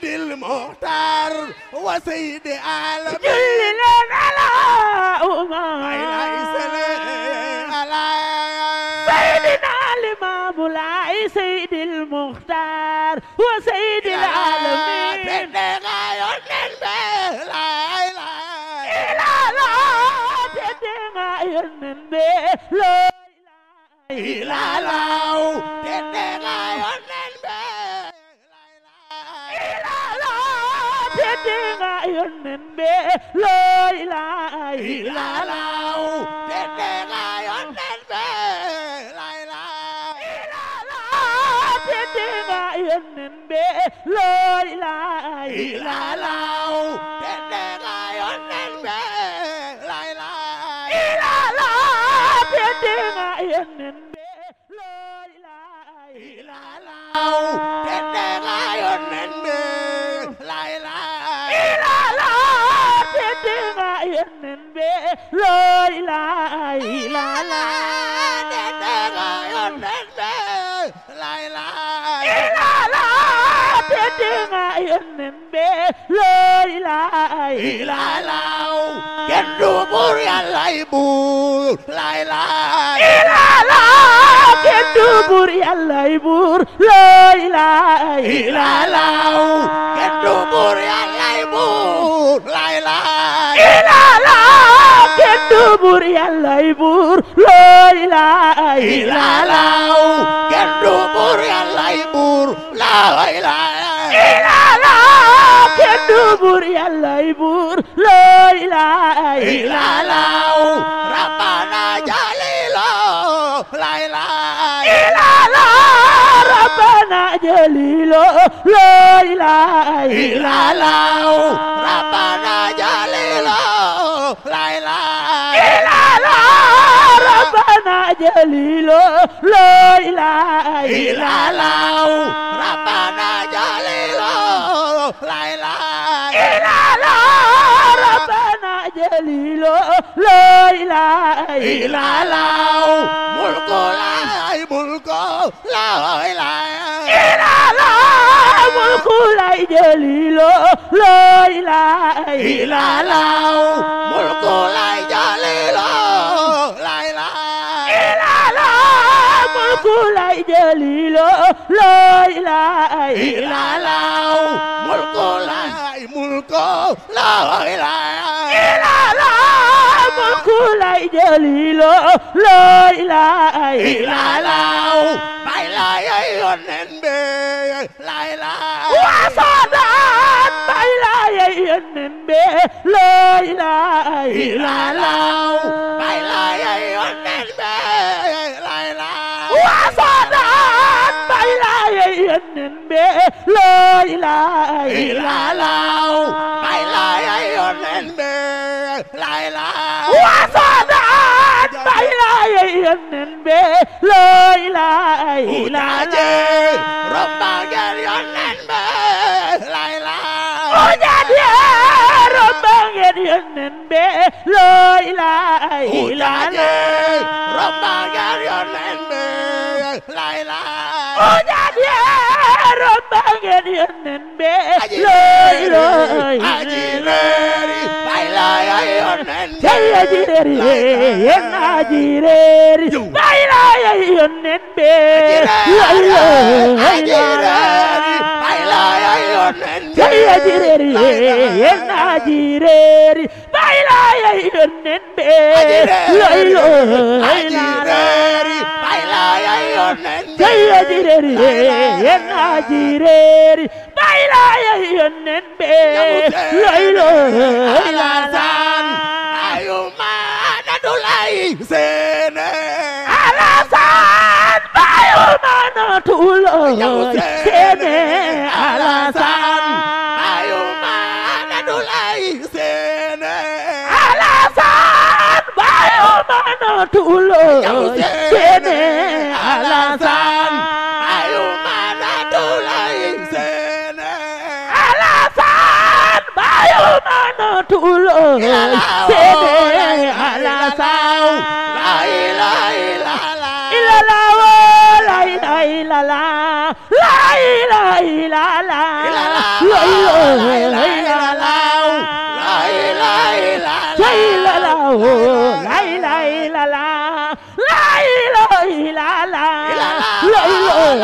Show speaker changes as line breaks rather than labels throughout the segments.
سيدي المختار وسيدي عالم كلنا على أمه على سيدنا الإمام العي سيد المختار وسيد العالمين لا لا laa ilaaha illallaah tete nga yónneen be laa ilaaha illallaah tete nga yónneen be laa ilaaha illallaah la ilaha illallah du buur yàllay buur laa ilaaha illallaah kenn du buur yàllay buur laa
ilaaha
illallaah kenn du buur yàllay buur laa ilaaha illallaah rabbana jalila laa ilaaha illallaah rabbana jalila laa ilaaha illallaah rabbana jalila جليلو لا إله إلا الله ربنا جليلو لا إله إلا الله ربنا جليلو لا إله إلا الله ملك لا ملك لا إله إلا الله ملك لا جليلو لا إله إلا الله ملك لا lay jëlilo lay lay ilalaw lay mulko lay lay ilalaw lay lay lay bay lay yonen be lay lay wasadat bay lay yonen be lay lay lay yónneen bi laa ilaaha eh, oh, illallaah eh, oh, ay laay yónneen oh. bi laa ilaaha wasaanaat eh, ay laay yónneen bi laa ilaaha illallaah rombangel yónneen bi laa ilaaha ujaje rombangel yónneen bi laa ilaaha illallaah rombangel yónneen bi laa ilaaha uñaan yee romba ngeen yonnen be looy looy ajireeri
baylaya yonnen
tey ajireeri yen ajireeri baylaya yonnen be looy looy baylaya yonnen tey ajireeri yen ajireeri yay yónneen bee lay lay laara jaya jireeri yen a jireeri bay lay yónneen bee lay lay laara ayuma na du lay seene alasan bayuma na du lay seene alasan Manatullah Sene Alasan Ayu Manatullah Sene Alasan Bayu Manatullah Sene Alasan La ilaha illallah Illallah La ilaha illallah La ilaha illallah La ilaha illallah oh, La ilaha illallah la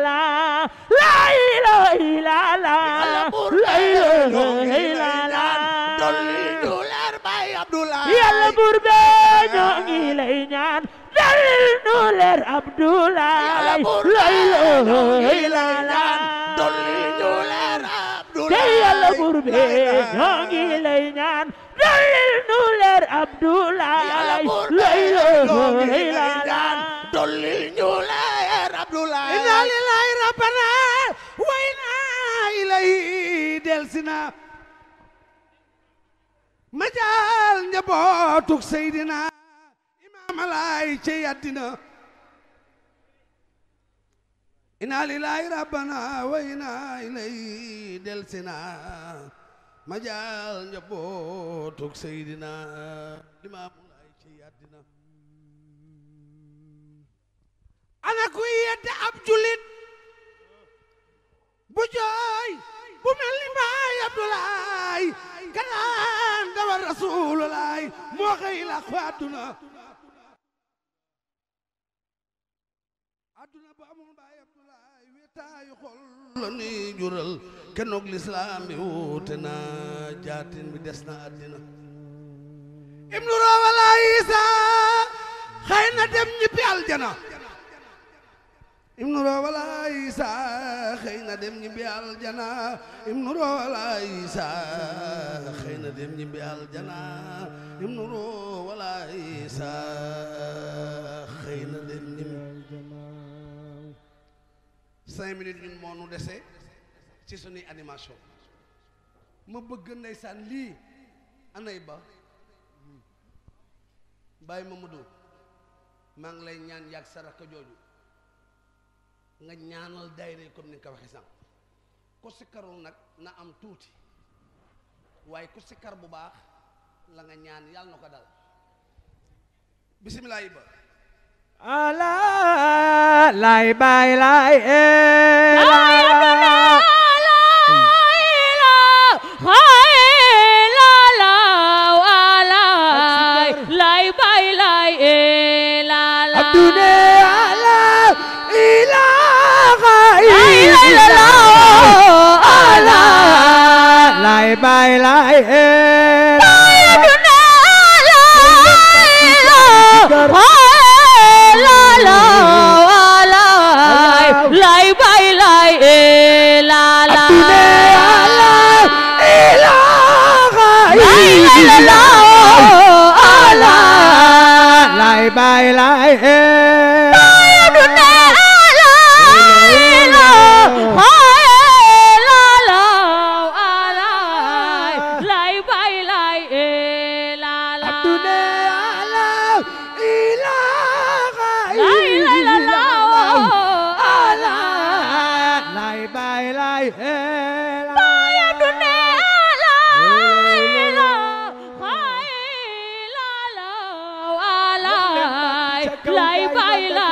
la la la la la la dolli ñu leer bay Abdoulaye yàlla buur be ñoo ngi lay ñaan dolli ñu leer Abdoulaye lay la la dolli ñu leer Abdoulaye yàlla buur be ñoo ngi lay ñaan dolli ñu leer Abdoulaye lay la la dolli ñu leer
Abdoulaye inna lillahi rabbana yi del si na ma jaal njabootuk seydina imaam alaay cey àddina inna lillahi rabbana wa inna ilayhi del si na ma jaal njabootuk seydina imaam alaay cey àddina ana kuy yedd ab julit bu jooy bu mel ni Baay Abdoulaye kanaan dawal Rasulullaay moo xëy la ko àdduna àdduna bu amul Baay Abdoulaye wetaayu xol jural kenoog lislaam bi wuute na jaatin bi des na àddina ibnu rawalaay isa xëy na dem ñibbi aljana ibnu roowalaay sa xëy na dem ñibbi aljana ibnu roowalaay sa xëy na dem ñibbi aljana ibnu roowalaay sa xëy na dem ñibbi cinq minutes ñun moo dese ci suñuy animation ma bëgg ndeysaan lii anay ba bàyyi Mamadou maa ngi lay ñaan yàgg sa rakk jooju nga ñaanal daayira comme ni nga ko waxee sànq ku sikkarul nag na am tuuti waaye ku sikkar bu baax la nga ñaan yàlla na ko dal bisimilah ba ala
lay bay lay eh, lại bài lại em lại bài lại em 拜了。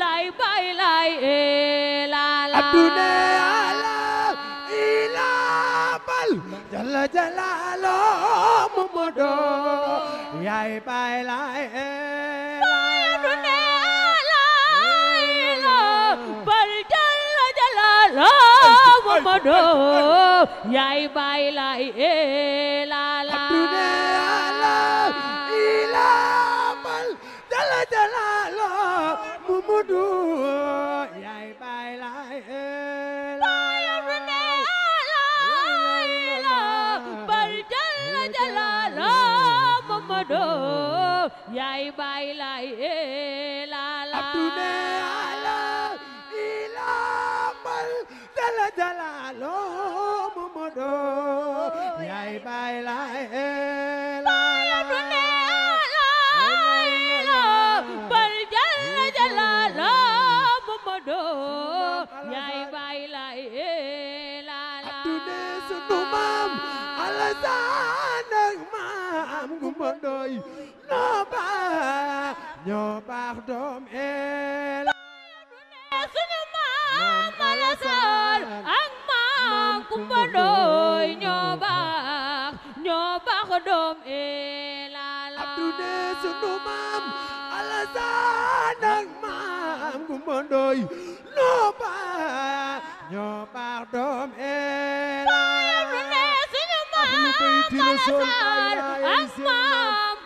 lay bay lay e, la la bal jalla jalalo mumudo yay bay lay aduna e, la bal jalla jalalo mumudo yay bay lay la la do yaay bay lay la la aduna ala ila mal dala dala lo momodo yaay bay lay woy noo baax ñoo baax doom eela sunu maam ala saal ak maam kumba dooy ñoo baax ñoo baax doom eela la Abdu ne sunu maam ala saal ak maam kumba dooy ñoo baax ñoo baax doom eela sunu maam ala saal ak maam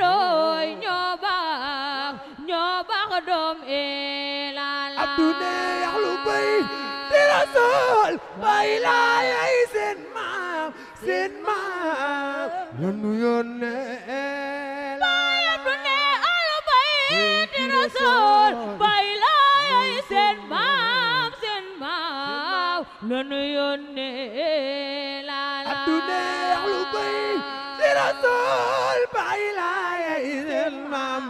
dooy ñoo baax ñoo baax doom ilaala abdu ne yaxlu bay di rasool bay laayay seen maam seen maam lanu yoon ne bay abdu ne al bay di rasool bay laayay seen maam seen maam lanu yoon ne laala abdu ne rasul bàyyi laa yey seen maam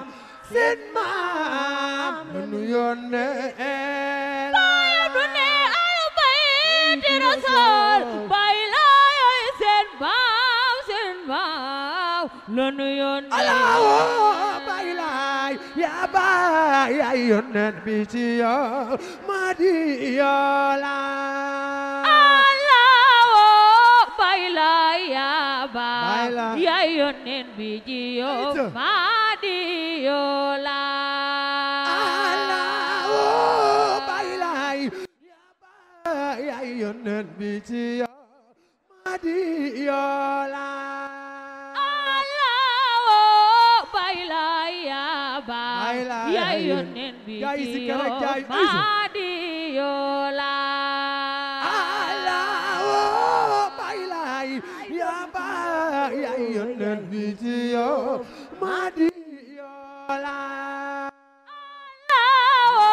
seen maam nu nu yónnee laa nu ne al bayti rasul bàyyi laa yey seen maam seen maam nu nu yónnee alaawo bàyyi laa yaa bàyyi yónneen bi ci yow ma di yow laa la yaa yónneen bi ji yoo maa di yoo la yaa yónneen yónneen bi ci yow maa di yoola alaawo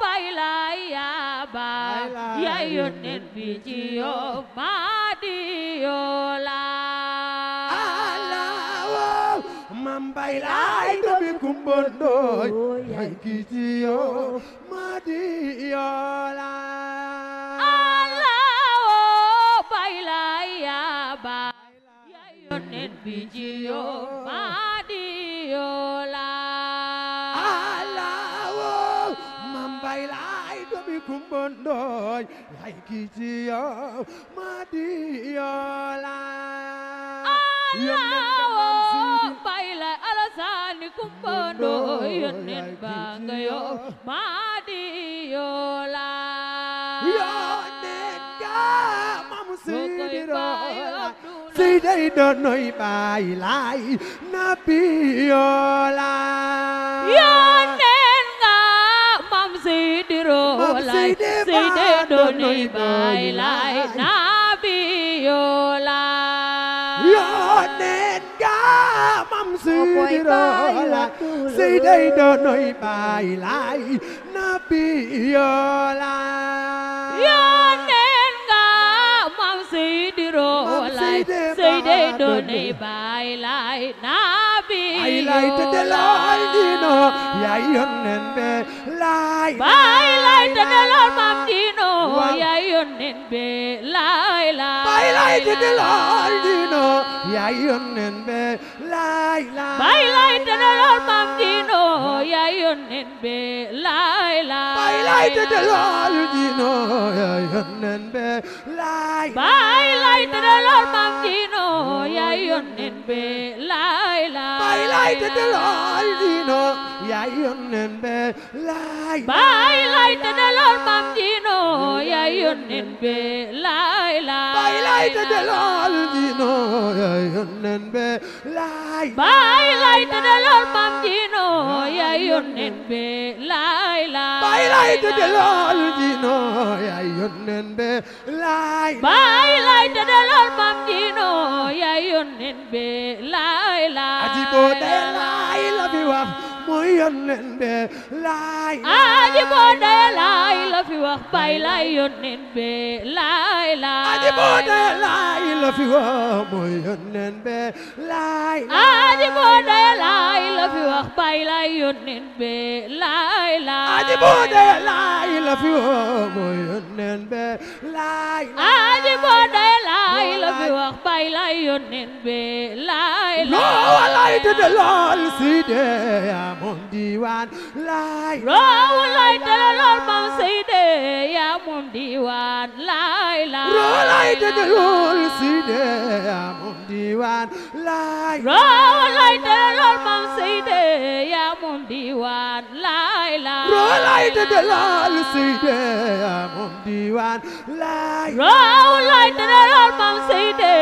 bay lay yaaba yaa yónneen bi ci yow maa di yoola alaawo man bay lay dobi kumbondooy yaa ki ci yow maa di yoola kumbondoy yay kiciyo madiola alawo bayla alasani kumbondoy yonen bangayo madiola sidi rola sidi donoy bay lay nabiola yonen nga mam sidi rola sidi donoy bay lay nabiola yonen nga mam sidi rola sidi lay laay sey dey doonay baay laay na layta de lool diino yaay yonnen be lay bay layta de lool mam diino yaay yonnen be lay lay bay layta de lool diino yaay yonnen be lay lay bay layta de lool mam diino yaay yonnen be lay lay bay layta de lool diino yaay yonnen be lay bay layta de lool mam diino yaay yonnen be lay lay tëddal ool diino yaay yónneen be laay baay laay tëddal ool maam diino yaay yónneen be laay laay baay laay tëddal ool diino yaay yónneen be laay baay laay tëddal ool maam diino yaay yónneen be laay laay baay laay tëddal ool diino yaay yónneen be laay baay laay tëddal ool maam diino yaay yónneen be laay laay ati boo dee laay la fi wax mooy yónneen be laay aji boode laay la fi wax bay laay yónneen be laay laay aji boode laay la fi wax mooy yónneen be laay aji boode laay la fi wax bay laay yónneen be laay laay aji boode laay la fi wax mooy yónneen be laay aji bi wax bay lay yónneen be lay loo walay tëdde lool si de yaa moom diiwaan lay loo walay tëdde lool moom si de yaa moom diiwaan lay lay loo walay tëdde lool si de yaa moom diiwaan laay roo laay de lool man seyde yaa moom diwaan laay laay roo laay de de lool seyde yaa moom diwaan laay roo laay de de lool man seyde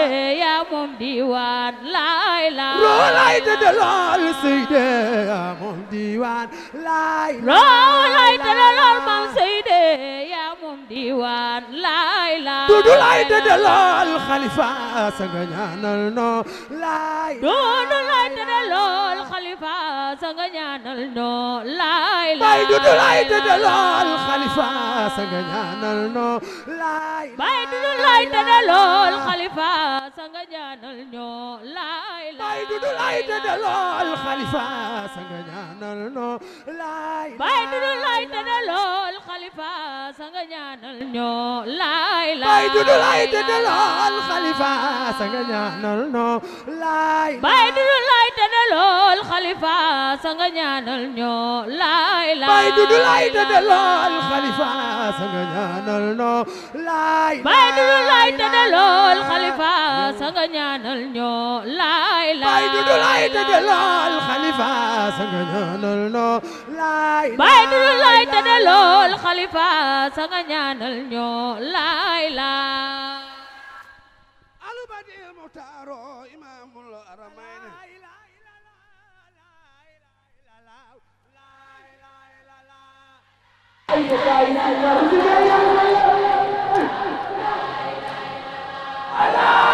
yaa moom diwaan laay laay roo laay de de lool seyde yaa moom diwaan laay roo laay de dudu lay tëddalool xalifa sa nga ñaanal no lay dudu lay tëddalool xalifa sanga ñaanal no laay laay bay dudu laay tëddalool xalifa sanga ñaanal no laay bay dudu laay tëddalool xalifa sanga ñaanal no laay laay bay dudu laay tëddalool xalifa sanga ñaanal no laay bay dudu laay tëddalool xalifa sanga ñaanal no laay laay bay dudu laay tëddalool xalifa sanga ñaanal no laay bay dudu laay tëddalool xalifa sanga ñaanal ñoo lay lay bay dudu lay tëddalool xalifa sanga ñaanal ñoo lay lay bay dudu lay tëddalool xalifa sanga ñaanal ñoo lay lay bay dudu lay tëddalool xalifa sanga ñaanal ñoo lay lay bay dudu lay tëddalool xalifa sanga ñaanal ñoo lay lay
alubadi muxtaaro imaamul aramayni
Allah!